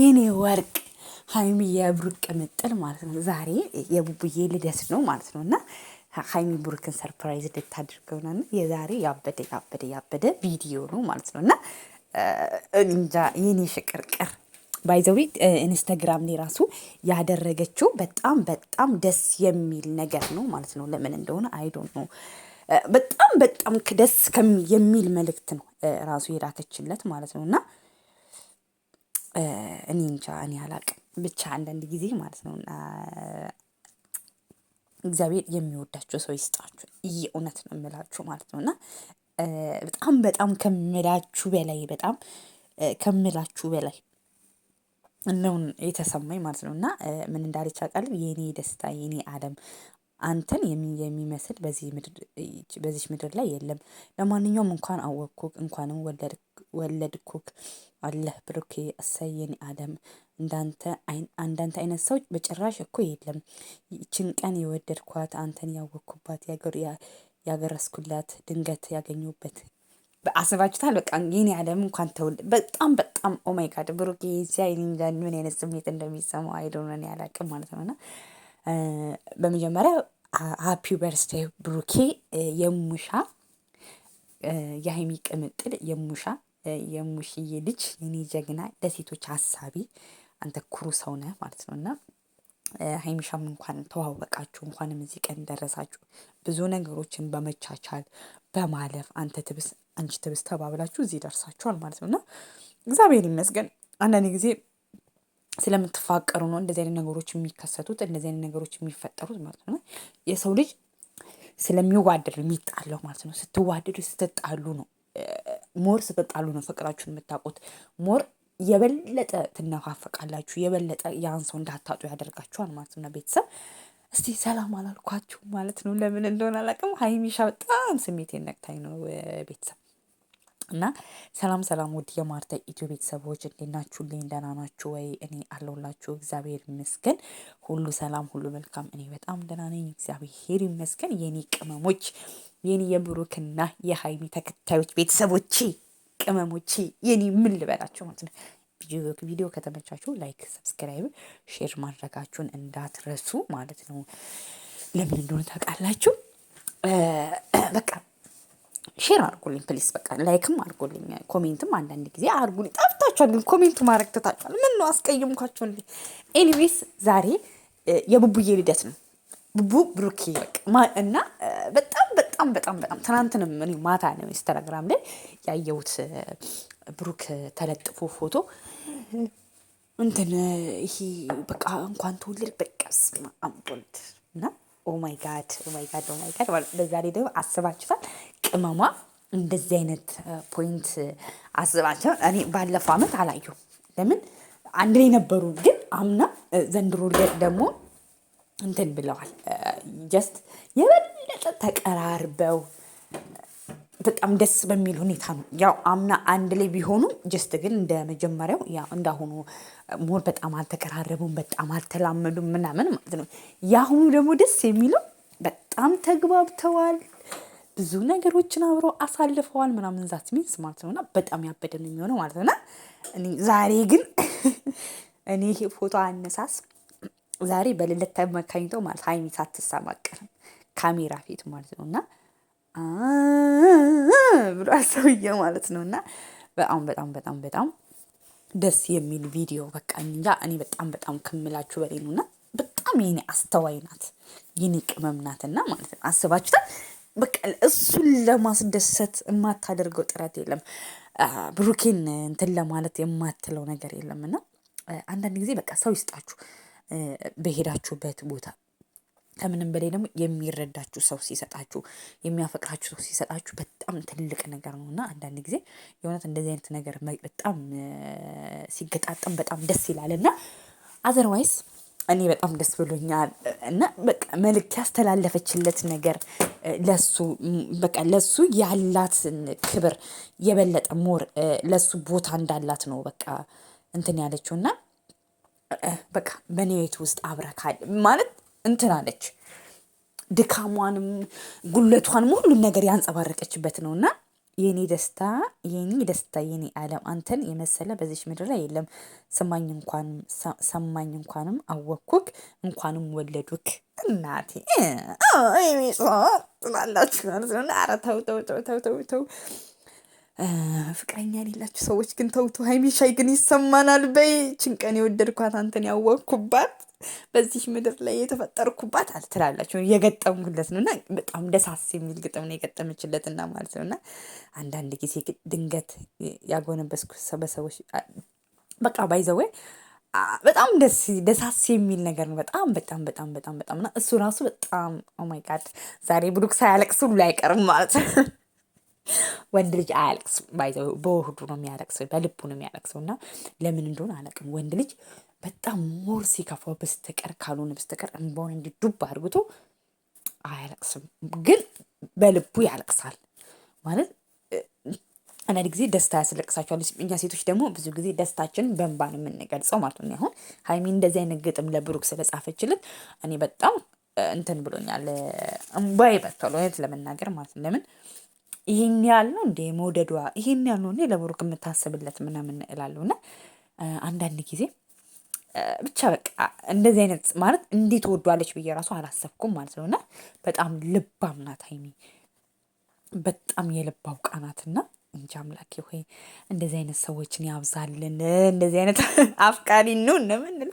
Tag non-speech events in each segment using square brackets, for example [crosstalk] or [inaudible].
የኔ ወርቅ ሀይሚ የብሩክ ቅምጥል ማለት ነው። ዛሬ የቡቡዬ ልደት ነው ማለት ነው እና ሀይሚ ብሩክን ሰርፕራይዝ ልታድርገውና የዛሬ ያበደ ያበደ ያበደ ቪዲዮ ነው ማለት ነው እና እንጃ የኔ ሽቅርቅር ባይዘዊ ኢንስታግራም ላይ ራሱ ያደረገችው በጣም በጣም ደስ የሚል ነገር ነው ማለት ነው። ለምን እንደሆነ አይዶን ነው በጣም በጣም ደስ የሚል መልእክት ነው ራሱ የላከችለት ማለት ነው እና እኔ እንጃ እኔ አላውቅም ብቻ አንዳንድ ጊዜ ማለት ነው እግዚአብሔር የሚወዳቸው ሰው ይስጣችሁ። የእውነት ነው የምላችሁ ማለት ነው እና በጣም በጣም ከምላችሁ በላይ በጣም ከምላችሁ በላይ ነው የተሰማኝ ማለት ነው እና ምን እንዳለች አውቃለሁ። የኔ ደስታ የኔ ዓለም አንተን የሚመስል በዚህ ምድር ላይ የለም። ለማንኛውም እንኳን አወቅኩክ እንኳንም ወለድኩክ አለህ ብሩኬ እሰይ የኔ አለም። እንዳንተ አይነት ሰው በጭራሽ እኮ የለም። ይችን ቀን የወደድኳት አንተን ያወቅኩባት ያገረስኩላት ድንገት ያገኘሁበት አስባችሁታል? በቃ ይህን ያለም እንኳን ተወልድ። በጣም በጣም ኦማይ ጋድ ብሩኬ ሲያይ ምን አይነት ስሜት እንደሚሰማው አይዶነን ያላቅም ማለት ነው ነውና በመጀመሪያ ሀፒ በርስቴ ብሩኬ የሙሻ የሀይሚ ቅምጥል የሙሻ የሙሽዬ ልጅ የኔ ጀግና ለሴቶች ሀሳቢ አንተ ኩሩ ሰው ነህ ማለት ነው እና ሀይሚሻም እንኳን ተዋወቃችሁ፣ እንኳንም እዚህ ቀን ደረሳችሁ። ብዙ ነገሮችን በመቻቻል በማለፍ አንተ ትብስ አንቺ ትብስ ተባብላችሁ እዚህ ደርሳችኋል ማለት ነው እና እግዚአብሔር ይመስገን አንዳንድ ጊዜ ስለምትፋቀሩ ነው እንደዚህ አይነት ነገሮች የሚከሰቱት እንደዚህ አይነት ነገሮች የሚፈጠሩት ማለት ነው። የሰው ልጅ ስለሚዋደድ የሚጣለው ማለት ነው። ስትዋደዱ ስትጣሉ ነው ሞር ስትጣሉ ነው ፍቅራችሁን የምታውቁት ሞር የበለጠ ትነፋፈቃላችሁ። የበለጠ ያን ሰው እንዳታጡ ያደርጋችኋል ማለት ነው። ቤተሰብ እስቲ ሰላም አላልኳችሁ ማለት ነው። ለምን እንደሆነ አላውቅም። ሀይሚሻ በጣም ስሜት ነቅታኝ ነው ቤተሰብ እና ሰላም ሰላም ውድ የማርተ ኢትዮ ቤተሰቦች እንዴት ናችሁልኝ? ደህና ናችሁ ወይ? እኔ አለሁላችሁ እግዚአብሔር ይመስገን፣ ሁሉ ሰላም፣ ሁሉ መልካም። እኔ በጣም ደህና ነኝ እግዚአብሔር ይመስገን። የኔ ቅመሞች፣ የኔ የብሩክና የሀይሚ ተከታዮች ቤተሰቦች፣ ቅመሞች፣ የኔ ምን ልበላችሁ ማለት ነው። ቪዲዮ ከተመቻችሁ ላይክ፣ ሰብስክራይብ፣ ሼር ማድረጋችሁን እንዳትረሱ ማለት ነው። ለምን እንደሆነ ታውቃላችሁ በቃ ሼር አድርጉልኝ ፕሊስ። በቃ ላይክም አድርጉልኝ፣ ኮሜንትም አንዳንድ ጊዜ አድርጉልኝ። ጠፍታችኋል ግን ኮሜንቱ ማድረግ ትታችኋል። ምን ነው አስቀየምኳቸው እንዴ? ኤኒዌይስ ዛሬ የቡቡዬ ልደት ነው። ቡቡ ብሩኬ በቃ እና በጣም በጣም በጣም በጣም ትናንትንም እኔ ማታ ነው ኢንስታግራም ላይ ያየሁት ብሩክ ተለጥፎ ፎቶ እንትን ይሄ በቃ እንኳን ትውልድ በቃ ስማ አምቦልድ እና ኦማይ ጋድ ኦማይ ጋድ ኦማይ ጋድ በዛ ላይ ደግሞ አስባችሁታል ቅመሟ እንደዚህ አይነት ፖይንት አስባቸው። እኔ ባለፈው ዓመት አላየሁ ለምን አንድ ላይ ነበሩ፣ ግን አምና ዘንድሮ ደግሞ እንትን ብለዋል። ጀስት የበለጠ ተቀራርበው በጣም ደስ በሚል ሁኔታ ነው። ያው አምና አንድ ላይ ቢሆኑ ጀስት ግን እንደ መጀመሪያው እንዳሁኑ ሞር በጣም አልተቀራረቡም፣ በጣም አልተላመዱም ምናምን ማለት ነው። የአሁኑ ደግሞ ደስ የሚለው በጣም ተግባብተዋል። ብዙ ነገሮችን አብሮ አሳልፈዋል ምናምን ዛት ሚንስ ማለት ነውና በጣም ያበደ ነው የሚሆነው ማለት ነውና ዛሬ ግን [laughs] እኔ ይሄ ፎቶ አነሳስ ዛሬ በሌለት ተመካኝተው ማለት ሀይሚ ሳትሰማቀርም ካሜራ ፊት ማለት ነው እና ብሎ ሰውዬ ማለት ነው እና በጣም በጣም በጣም በጣም ደስ የሚል ቪዲዮ በቃ እንጃ እኔ በጣም በጣም ከምላችሁ በላይ ነውና በጣም የኔ አስተዋይ ናት የኔ ቅመም ናትና ማለት ነው አስባችሁታል በቃ እሱን ለማስደሰት የማታደርገው ጥረት የለም። ብሩኬን እንትን ለማለት የማትለው ነገር የለም። እና አንዳንድ ጊዜ በቃ ሰው ይስጣችሁ በሄዳችሁበት ቦታ ከምንም በላይ ደግሞ የሚረዳችሁ ሰው ሲሰጣችሁ የሚያፈቅራችሁ ሰው ሲሰጣችሁ በጣም ትልቅ ነገር ነው እና አንዳንድ ጊዜ የእውነት እንደዚህ አይነት ነገር በጣም ሲገጣጠም በጣም ደስ ይላል እና አዘርዋይስ እኔ በጣም ደስ ብሎኛል እና በቃ መልክ ያስተላለፈችለት ነገር ለሱ በቃ ለሱ ያላትን ክብር የበለጠ ሞር ለሱ ቦታ እንዳላት ነው በቃ እንትን ያለችው እና በቃ በኔቤት ውስጥ አብረካል ማለት እንትን አለች ድካሟንም ጉለቷንም ሁሉን ነገር ያንጸባረቀችበት ነው እና የኔ ደስታ የኔ ደስታ የኔ አለም አንተን የመሰለ በዚች ምድር ላይ የለም። ሰማኝ እንኳንም ሰማኝ እንኳንም አወኩክ እንኳንም ወለዱክ። እናቴ ትላላችሁ ማለት ነው። ኧረ ተው ተው ተው ተው ተው። ፍቅረኛ የሌላችሁ ሰዎች ግን ተውቱ። ሀይሚሻይ ግን ይሰማናል በይ ችንቀን የወደድኳት አንተን ያወቅኩባት በዚህ ምድር ላይ የተፈጠርኩባት አልትላላችሁ የገጠምኩለት ነው እና በጣም ደሳስ የሚል ግጥም ነው የገጠመችለትና ማለት ነው እና አንዳንድ ጊዜ ድንገት ያጎነበስኩ በሰዎች በቃ ባይዘወ በጣም ደስ ደሳስ የሚል ነገር ነው። በጣም በጣም በጣም በጣም በጣም እና እሱ ራሱ በጣም ኦማይ ጋድ ዛሬ ብሩክ ሳያለቅስ ሁሉ አይቀርም ማለት ነው። ወንድ ልጅ አያለቅስ ባይዘ በውህዱ ነው የሚያለቅሰው፣ በልቡ ነው የሚያለቅሰው እና ለምን እንደሆነ አላውቅም ወንድ ልጅ በጣም ሞር ሲከፋው በስተቀር ካልሆነ በስተቀር እንባውን እንዲ ዱብ አድርግቶ አያለቅስም፣ ግን በልቡ ያለቅሳል ማለት አንዳንድ ጊዜ ደስታ ያስለቅሳቸዋል። እኛ ሴቶች ደግሞ ብዙ ጊዜ ደስታችን በእንባ ነው የምንገልጸው ማለት ነው። አሁን ሀይሚ እንደዚህ አይነት ግጥም ለብሩክ ስለጻፈችልን እኔ በጣም እንትን ብሎኛል። እንባዬ ይበቷል እውነት ለመናገር ማለት ነው። ለምን ይህን ያህል ነው እንደ መውደዷ ይህን ያህል ነው ለብሩክ የምታስብለት ምናምን እላለሁ እና አንዳንድ ጊዜ ብቻ በቃ እንደዚህ አይነት ማለት እንዴት ወዷለች ብዬ ራሱ አላሰብኩም ማለት ነው። እና በጣም ልባም ናት ሀይሚ፣ በጣም የልብ አውቃ ናትና እንጂ አምላኬ ሆይ እንደዚህ አይነት ሰዎችን ያብዛልን። እንደዚህ አይነት [laughs] አፍቃሪ ነው እንደምንል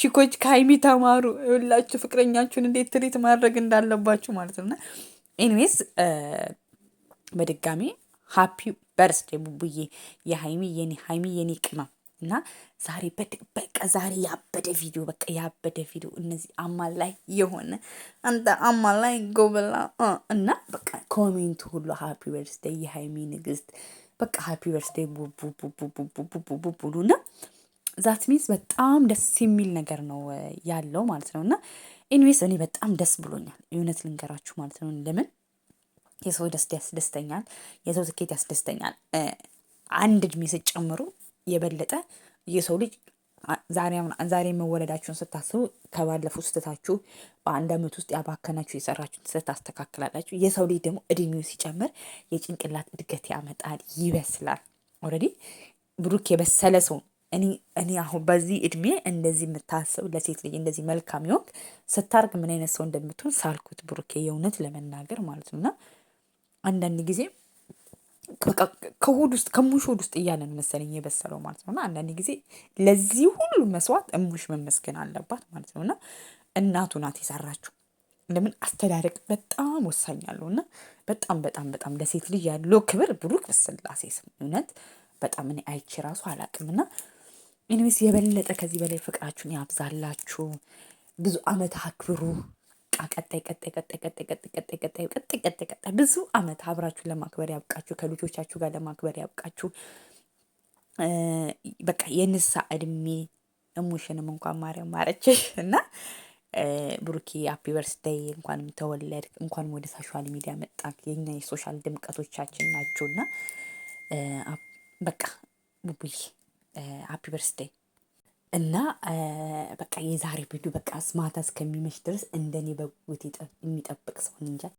ቺኮች ከሀይሚ ተማሩ ሁላችሁ፣ ፍቅረኛችሁን እንዴት ትሪት ማድረግ እንዳለባችሁ ማለት ነው። እና ኤኒዌይስ በድጋሚ ሀፒ በርስዴ ቡቡዬ፣ የሀይሚ የኔ ሀይሚ የኔ ቅመም እና ዛሬ በቃ ዛሬ ያበደ ቪዲዮ በቃ ያበደ ቪዲዮ እነዚህ አማላይ የሆነ አንተ ላይ ጎበላ እና በቃ ኮሜንቱ ሁሉ ሀፒ በርስደይ የሀይሚ ንግስት በቃ ሀፒ በርስደይ ቡቡቡቡቡቡቡቡቡቡቡሉ እና ዛት ሚንስ በጣም ደስ የሚል ነገር ነው ያለው ማለት ነው። እና ኢንዌስ እኔ በጣም ደስ ብሎኛል እውነት ልንገራችሁ ማለት ነው። ለምን የሰው ደስታ ያስደስተኛል፣ የሰው ስኬት ያስደስተኛል። አንድ እድሜ ስጨምሩ የበለጠ የሰው ልጅ ዛሬ መወለዳችሁን ስታስቡ ከባለፉ ስህተታችሁ በአንድ አመት ውስጥ ያባከናችሁ የሰራችሁን ስህተት ታስተካክላላችሁ። የሰው ልጅ ደግሞ እድሜው ሲጨምር የጭንቅላት እድገት ያመጣል፣ ይበስላል። ኦልሬዲ ብሩክ የበሰለ ሰው እኔ አሁን በዚህ እድሜ እንደዚህ የምታስብ ለሴት ልጅ እንደዚህ መልካም ይሆን ስታርግ ምን አይነት ሰው እንደምትሆን ሳልኩት ብሩኬ፣ የእውነት ለመናገር ማለት ነው እና አንዳንድ ጊዜ ከሆድ ውስጥ ከሙሽ ሆድ ውስጥ እያለን መሰለኝ የበሰለው ማለት ነው። እና አንዳንድ ጊዜ ለዚህ ሁሉ መስዋዕት እሙሽ መመስገን አለባት ማለት ነው። እና እናቱ ናት የሰራችው። ለምን አስተዳደግ በጣም ወሳኝ አለው እና በጣም በጣም በጣም ለሴት ልጅ ያለው ክብር ብሩክ በስላሴ ስም እውነት በጣም እኔ አይቼ ራሱ አላቅም። እና ኢንስ የበለጠ ከዚህ በላይ ፍቅራችሁን ያብዛላችሁ። ብዙ አመት አክብሩ። ቀጣይ ቀጣይ ቀጣይ ቀጣይ ቀጣይ ቀጣይ ቀጣይ ቀጣይ ቀጣይ ቀጣይ ብዙ አመት አብራችሁ ለማክበር ያብቃችሁ። ከልጆቻችሁ ጋር ለማክበር ያብቃችሁ። በቃ የንሳ እድሜ እሙሽንም እንኳን ማርያም ማረችሽ እና ብሩኬ ሀፒ በርስደይ እንኳንም ተወለድ እንኳን ወደ ሶሻል ሚዲያ መጣ። የኛ የሶሻል ድምቀቶቻችን ናችሁ እና በቃ ቡቡዬ ሀፒ በርስደይ እና በቃ የዛሬ ቪዲዮ በቃ ማታ እስከሚመሽ ድረስ እንደኔ በጉት የሚጠብቅ ሰው እንጃ።